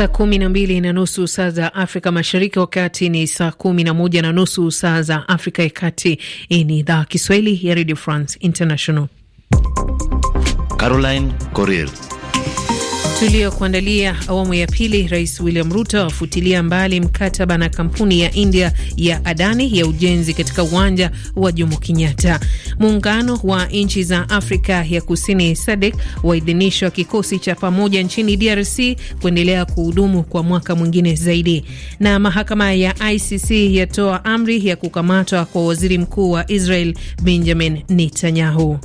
Saa kumi na mbili na nusu saa za Afrika Mashariki, wakati ni saa kumi na moja na nusu saa za Afrika ya Kati. Hii ni idhaa Kiswahili ya Radio France International. Caroline Corrier tuliyokuandalia awamu ya pili. Rais William Ruto afutilia mbali mkataba na kampuni ya India ya Adani ya ujenzi katika uwanja wa Jomo Kenyatta. Muungano wa nchi za Afrika ya Kusini SADC waidhinishwa kikosi cha pamoja nchini DRC kuendelea kuhudumu kwa mwaka mwingine zaidi. Na mahakama ya ICC yatoa amri ya kukamatwa kwa waziri mkuu wa Israel Benjamin Netanyahu.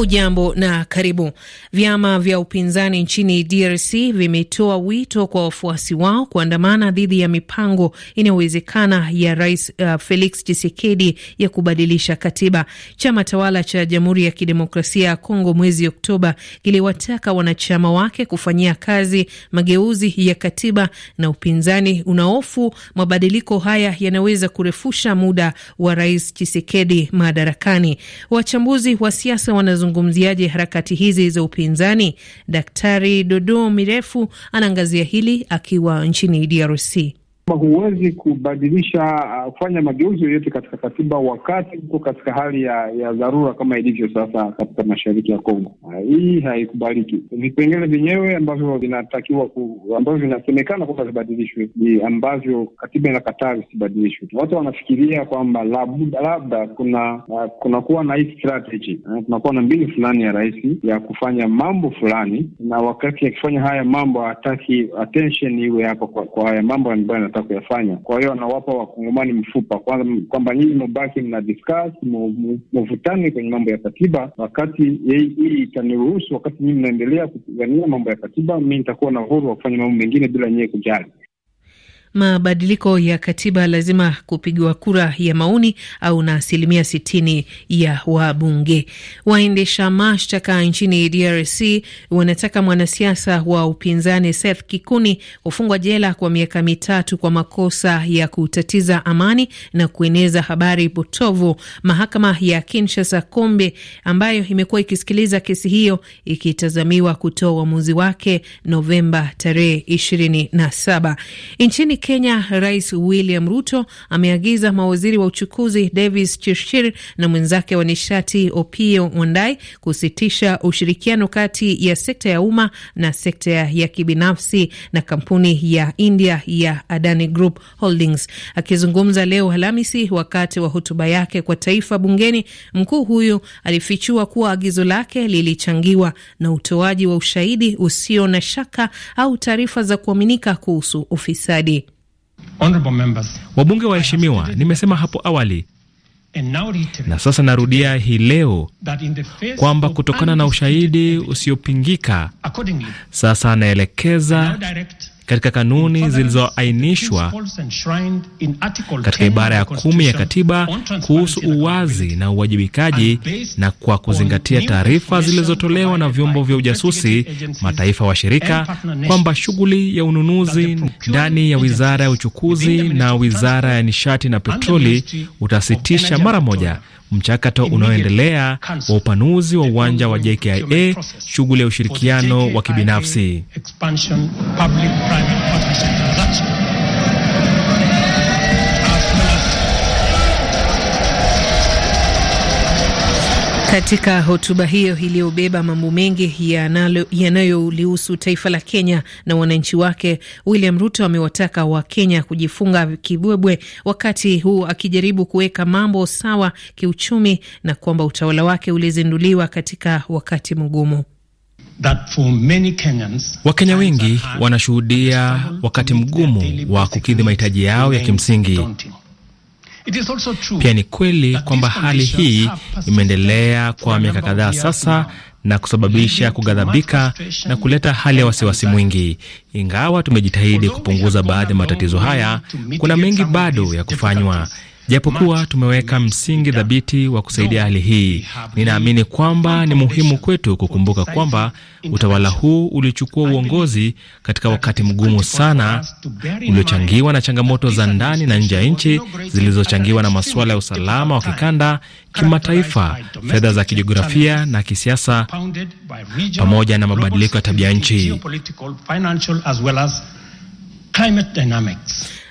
Hujambo na karibu. Vyama vya upinzani nchini DRC vimetoa wito kwa wafuasi wao kuandamana dhidi ya mipango inayowezekana ya Rais uh, Felix Tshisekedi ya kubadilisha katiba. Chama tawala cha Jamhuri ya Kidemokrasia ya Kongo mwezi Oktoba kiliwataka wanachama wake kufanyia kazi mageuzi ya katiba, na upinzani unaofu mabadiliko haya yanaweza kurefusha muda wa Rais Tshisekedi madarakani. Wachambuzi wa siasa wanazungumza unazungumziaje harakati hizi za upinzani? Daktari Dodo Mirefu anaangazia hili akiwa nchini DRC huwezi kubadilisha uh, kufanya mageuzi yoyote katika katiba wakati uko katika hali ya, ya dharura kama ilivyo sasa katika mashariki ya Kongo. Ah, hii haikubaliki. Vipengele vyenyewe ambavyo vinatakiwa ku, ambavyo vinasemekana kwamba vibadilishwe ambavyo katiba inakataa visibadilishwe. Watu wanafikiria kwamba labda, labda kuna uh, kunakuwa na hii strategy uh, kunakuwa na mbinu fulani ya rais ya kufanya mambo fulani, na wakati akifanya haya mambo hataki attention iwe hapa kwa, kwa haya mambo ambayo wanataka kuyafanya. Kwa hiyo anawapa wakongomani mfupa kwanza, kwamba nyinyi mubaki mna discuss muvutane kwenye mambo ya katiba, wakati hii itaniruhusu, wakati nyinyi mnaendelea kupigania mambo ya katiba, mi nitakuwa na uhuru wa kufanya mambo mengine bila nyewe kujali. Mabadiliko ya katiba lazima kupigiwa kura ya maoni au na asilimia sitini ya wabunge. Waendesha mashtaka nchini DRC wanataka mwanasiasa wa upinzani Seth Kikuni kufungwa jela kwa miaka mitatu kwa makosa ya kutatiza amani na kueneza habari potovu. Mahakama ya Kinshasa Kombe, ambayo imekuwa ikisikiliza kesi hiyo, ikitazamiwa kutoa uamuzi wake Novemba tarehe 27. Nchini Kenya, Rais William Ruto ameagiza mawaziri wa uchukuzi Davis Chirchir na mwenzake wa nishati Opiyo Wandayi kusitisha ushirikiano kati ya sekta ya umma na sekta ya kibinafsi na kampuni ya India ya Adani Group Holdings. Akizungumza leo Alhamisi wakati wa hotuba yake kwa taifa bungeni, mkuu huyu alifichua kuwa agizo lake lilichangiwa na utoaji wa ushahidi usio na shaka au taarifa za kuaminika kuhusu ufisadi. Wabunge waheshimiwa, nimesema hapo awali na sasa narudia hii leo kwamba kutokana na ushahidi usiopingika, sasa anaelekeza katika kanuni zilizoainishwa katika ibara ya kumi ya katiba kuhusu uwazi na uwajibikaji, na kwa kuzingatia taarifa zilizotolewa na vyombo vya ujasusi mataifa washirika, kwamba shughuli ya ununuzi ndani ya wizara ya uchukuzi na wizara ya nishati na petroli utasitisha mara moja mchakato unaoendelea wa upanuzi wa uwanja wa JKIA, shughuli ya ushirikiano wa kibinafsi. Katika hotuba hiyo iliyobeba mambo mengi yanayolihusu taifa la Kenya na wananchi wake, William Ruto amewataka Wakenya kujifunga kibwebwe, wakati huu akijaribu kuweka mambo sawa kiuchumi, na kwamba utawala wake ulizinduliwa katika wakati mgumu. Wakenya wengi wanashuhudia wakati mgumu wa kukidhi mahitaji yao ya kimsingi pia ni kweli kwamba hali hii imeendelea kwa miaka kadhaa sasa na kusababisha kughadhabika na kuleta hali ya wasiwasi mwingi. Ingawa tumejitahidi kupunguza baadhi ya matatizo haya, kuna mengi bado ya kufanywa. Japokuwa tumeweka msingi dhabiti wa kusaidia hali hii, ninaamini kwamba ni muhimu kwetu kukumbuka kwamba utawala huu ulichukua uongozi katika wakati mgumu sana uliochangiwa na changamoto za ndani na nje ya nchi zilizochangiwa na masuala ya usalama wa kikanda, kimataifa, fedha za kijiografia na kisiasa, pamoja na mabadiliko ya tabia nchi.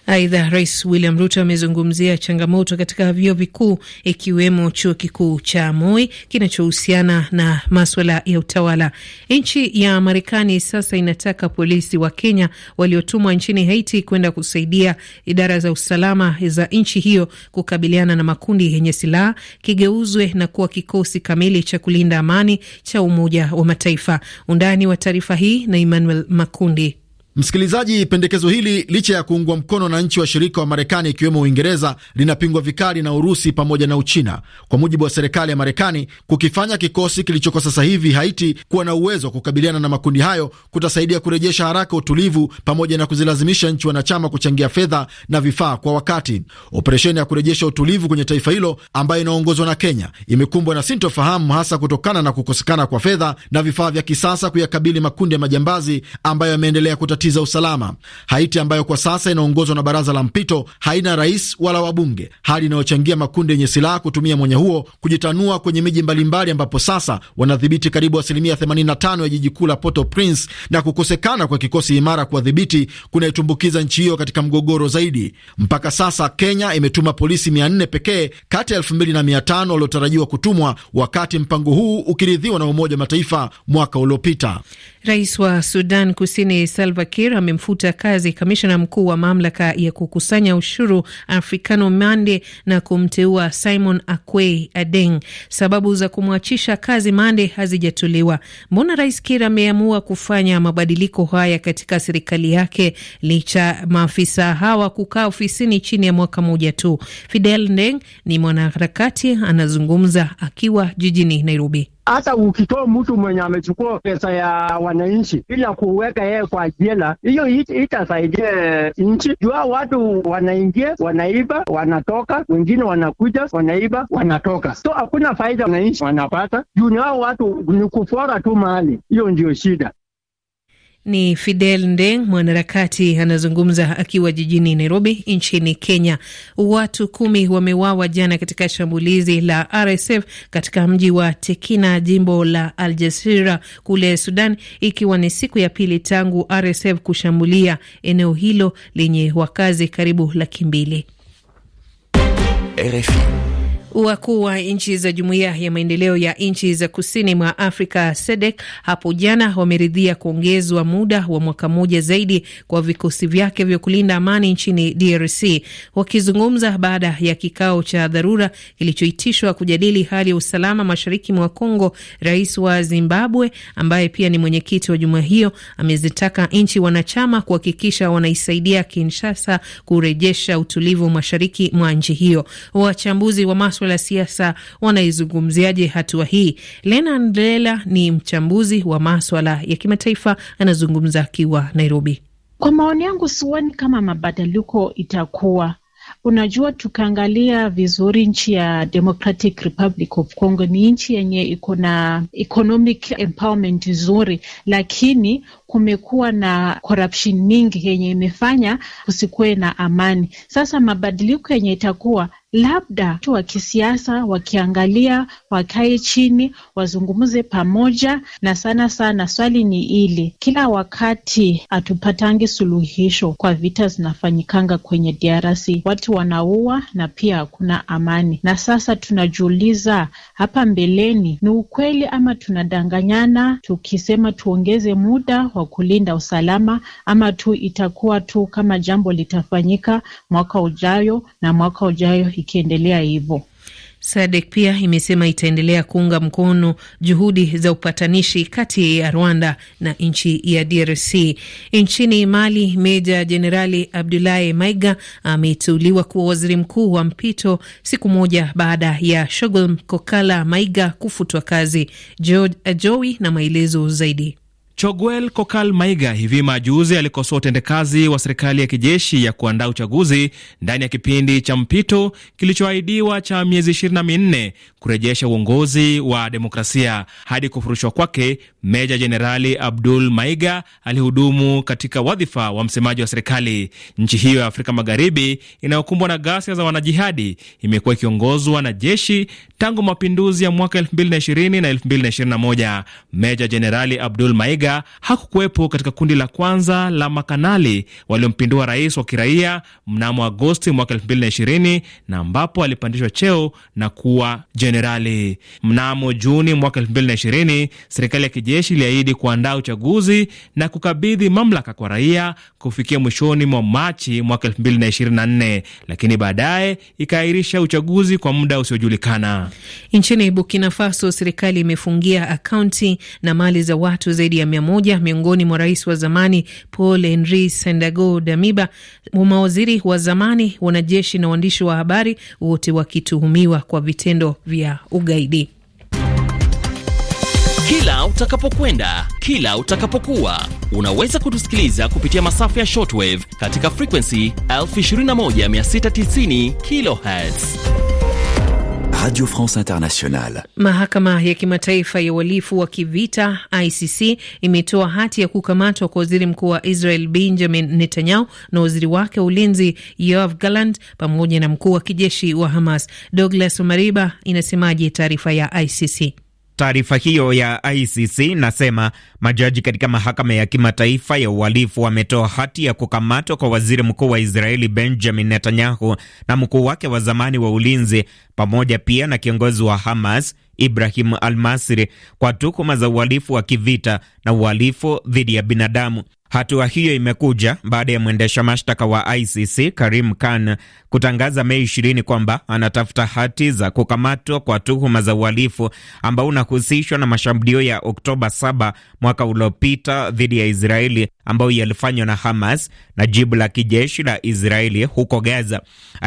Aidha, Rais William Ruto amezungumzia changamoto katika vyuo vikuu ikiwemo chuo kikuu cha Moi kinachohusiana na maswala ya utawala. Nchi ya Marekani sasa inataka polisi wa Kenya waliotumwa nchini Haiti kwenda kusaidia idara za usalama za nchi hiyo kukabiliana na makundi yenye silaha kigeuzwe na kuwa kikosi kamili cha kulinda amani cha Umoja wa Mataifa. Undani wa taarifa hii na Emmanuel Makundi. Msikilizaji, pendekezo hili licha ya kuungwa mkono na nchi washirika wa Marekani ikiwemo Uingereza linapingwa vikali na Urusi pamoja na Uchina. Kwa mujibu wa serikali ya Marekani, kukifanya kikosi kilichoko sasa hivi Haiti kuwa na uwezo wa kukabiliana na makundi hayo kutasaidia kurejesha haraka utulivu pamoja na kuzilazimisha nchi wanachama kuchangia fedha na vifaa kwa wakati. Operesheni ya kurejesha utulivu kwenye taifa hilo ambayo inaongozwa na Kenya imekumbwa na sintofahamu, hasa kutokana na kukosekana kwa fedha na vifaa vya kisasa kuyakabili makundi ya majambazi ambayo yameendelea kutatiza nchi za usalama. Haiti ambayo kwa sasa inaongozwa na baraza la mpito haina rais wala wabunge, hali inayochangia makundi yenye silaha kutumia mwenye huo kujitanua kwenye miji mbalimbali, ambapo sasa wanadhibiti karibu asilimia 85 ya jiji kuu la Port-au-Prince, na kukosekana kwa kikosi imara kuwadhibiti kunaitumbukiza nchi hiyo katika mgogoro zaidi. Mpaka sasa Kenya imetuma polisi 400 pekee kati ya 2500 waliotarajiwa kutumwa wakati mpango huu ukiridhiwa na Umoja wa Mataifa mwaka uliopita. Rais wa Sudan Kusini Salva Kiir amemfuta kazi kamishna mkuu wa mamlaka ya kukusanya ushuru Africano Mande na kumteua Simon Akwei Adeng. Sababu za kumwachisha kazi Mande hazijatolewa. Mbona Rais Kiir ameamua kufanya mabadiliko haya katika serikali yake licha maafisa hawa kukaa ofisini chini ya mwaka mmoja tu? Fidel Ndeng ni mwanaharakati, anazungumza akiwa jijini Nairobi hata ukitoa mtu mwenye amechukua pesa ya wananchi bila kuweka yeye kwa jela, hiyo itasaidia nchi jua watu wanaingia, wanaiba, wanatoka, wengine wanakuja, wanaiba, wanatoka, so hakuna faida wananchi wanapata juu ni hao watu ni kufora tu mahali. Hiyo ndio shida. Ni Fidel Ndeng, mwanaharakati anazungumza akiwa jijini Nairobi nchini Kenya. Watu kumi wamewawa jana katika shambulizi la RSF katika mji wa Tekina, jimbo la Al Jazira kule Sudan, ikiwa ni siku ya pili tangu RSF kushambulia eneo hilo lenye wakazi karibu laki mbili. RFI Wakuu wa nchi za jumuiya ya maendeleo ya nchi za kusini mwa Afrika SADC hapo jana wameridhia kuongezwa muda wa mwaka mmoja zaidi kwa vikosi vyake vya kulinda amani nchini DRC. Wakizungumza baada ya kikao cha dharura kilichoitishwa kujadili hali ya usalama mashariki mwa congo rais wa Zimbabwe ambaye pia ni mwenyekiti wa jumuiya hiyo amezitaka nchi wanachama kuhakikisha wanaisaidia Kinshasa kurejesha utulivu mashariki mwa nchi hiyo. Wachambuzi wa masuala ya siasa wanaizungumziaje hatua wa hii? Lena Ndlela ni mchambuzi wa maswala ya kimataifa, anazungumza akiwa Nairobi. Kwa maoni yangu, sioni kama mabadiliko itakuwa Unajua, tukaangalia vizuri nchi ya Democratic Republic of Congo ni nchi yenye iko na economic empowerment nzuri, lakini kumekuwa na corruption nyingi yenye imefanya kusikuwe na amani. Sasa mabadiliko yenye itakuwa labda watu wa kisiasa wakiangalia, wakae chini, wazungumze pamoja, na sana sana swali ni ili kila wakati hatupatangi suluhisho kwa vita zinafanyikanga kwenye DRC, watu wanaua na pia hakuna amani. Na sasa tunajiuliza hapa mbeleni, ni ukweli ama tunadanganyana tukisema tuongeze muda wa kulinda usalama, ama tu itakuwa tu kama jambo litafanyika mwaka ujayo na mwaka ujayo ikiendelea hivyo. Sadek pia imesema itaendelea kuunga mkono juhudi za upatanishi kati ya Rwanda na nchi ya DRC. Nchini Mali, meja jenerali Abdulahi Maiga ameteuliwa kuwa waziri mkuu wa mpito siku moja baada ya Shogol Mkokala Maiga kufutwa kazi. Jowi na maelezo zaidi. Choguel Kokal Maiga hivi majuzi alikosoa utendekazi wa serikali ya kijeshi ya kuandaa uchaguzi ndani ya kipindi cha mpito kilichoahidiwa cha miezi ishirini na minne kurejesha uongozi wa demokrasia. Hadi kufurushwa kwake, Meja Jenerali Abdul Maiga alihudumu katika wadhifa wa msemaji wa serikali. Nchi hiyo ya Afrika Magharibi inayokumbwa na ghasia za wanajihadi imekuwa ikiongozwa na jeshi tangu mapinduzi ya mwaka 2020 na 2021. Meja Jenerali Abdul Maiga Odinga hakukuwepo katika kundi la kwanza la makanali waliompindua rais wa kiraia mnamo Agosti mwaka 2020 na ambapo alipandishwa cheo na kuwa jenerali. Mnamo Juni mwaka 2020 serikali ya kijeshi iliahidi kuandaa uchaguzi na kukabidhi mamlaka kwa raia kufikia mwishoni mwa Machi mwaka 2024, lakini baadaye ikaahirisha uchaguzi kwa muda usiojulikana. Nchini Burkina Faso, serikali imefungia akaunti na mali za watu zaidi ya mia moja miongoni mwa rais wa zamani Paul Henri Sandago Damiba, mawaziri wa zamani, wanajeshi na waandishi wa habari, wote wakituhumiwa kwa vitendo vya ugaidi. Kila utakapokwenda, kila utakapokuwa, unaweza kutusikiliza kupitia masafa ya shortwave katika frequency 21690 kilohertz Radio France Internationale. Mahakama ya Kimataifa ya Uhalifu wa Kivita ICC imetoa hati ya kukamatwa kwa waziri mkuu wa Israel Benjamin Netanyahu na waziri wake wa ulinzi Yoav Gallant pamoja na mkuu wa kijeshi wa Hamas. Douglas Mariba inasemaje taarifa ya ICC? Taarifa hiyo ya ICC inasema majaji katika mahakama ya kimataifa ya uhalifu wametoa hati ya kukamatwa kwa waziri mkuu wa Israeli Benjamin Netanyahu na mkuu wake wa zamani wa ulinzi pamoja pia na kiongozi wa Hamas Ibrahim Al-Masri kwa tuhuma za uhalifu wa kivita na uhalifu dhidi ya binadamu. Hatua hiyo imekuja baada ya mwendesha mashtaka wa ICC Karim Khan kutangaza Mei 20 kwamba anatafuta hati za kukamatwa kwa tuhuma za uhalifu ambao unahusishwa na mashambulio ya Oktoba 7 mwaka uliopita dhidi ya Israeli ambayo yalifanywa na Hamas na jibu la kijeshi la Israeli huko Gaza.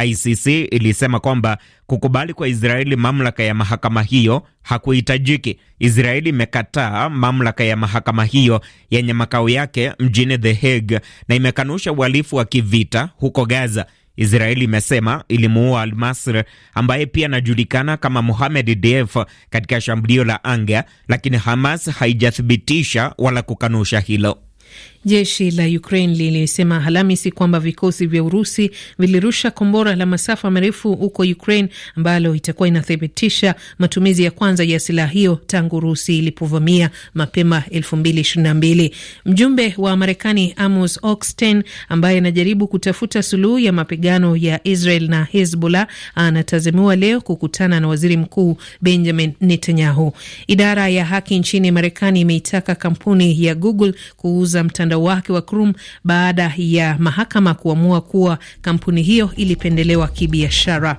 ICC ilisema kwamba kukubali kwa Israeli mamlaka ya mahakama hiyo hakuhitajiki. Israeli imekataa mamlaka ya mahakama hiyo yenye makao yake mjini The Hague na imekanusha uhalifu wa kivita huko Gaza. Israeli imesema ilimuua Almasr ambaye pia anajulikana kama muhamed Deif katika shambulio la anga, lakini Hamas haijathibitisha wala kukanusha hilo. Jeshi la Ukraine lilisema Alhamisi kwamba vikosi vya Urusi vilirusha kombora la masafa marefu huko Ukraine ambalo itakuwa inathibitisha matumizi ya kwanza ya silaha hiyo tangu Urusi ilipovamia mapema 2022. Mjumbe wa Marekani Amos Oxten ambaye anajaribu kutafuta suluhu ya mapigano ya Israel na Hezbollah anatazamiwa leo kukutana na waziri mkuu Benjamin Netanyahu. Idara ya haki nchini Marekani imeitaka kampuni ya Google kuuza mtandao mtandao wake wa Chrome baada ya mahakama kuamua kuwa kampuni hiyo ilipendelewa kibiashara.